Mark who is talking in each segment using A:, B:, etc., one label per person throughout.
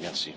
A: Merci.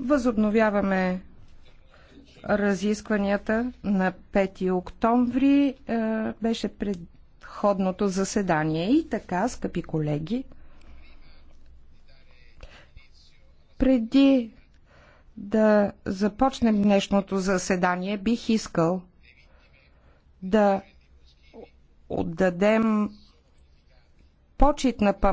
B: Възобновяваме разискванията на 5 октомври. Е, беше предходното заседание. И така, скъпи колеги, преди да започнем днешното заседание, бих искал да отдадем почет на памет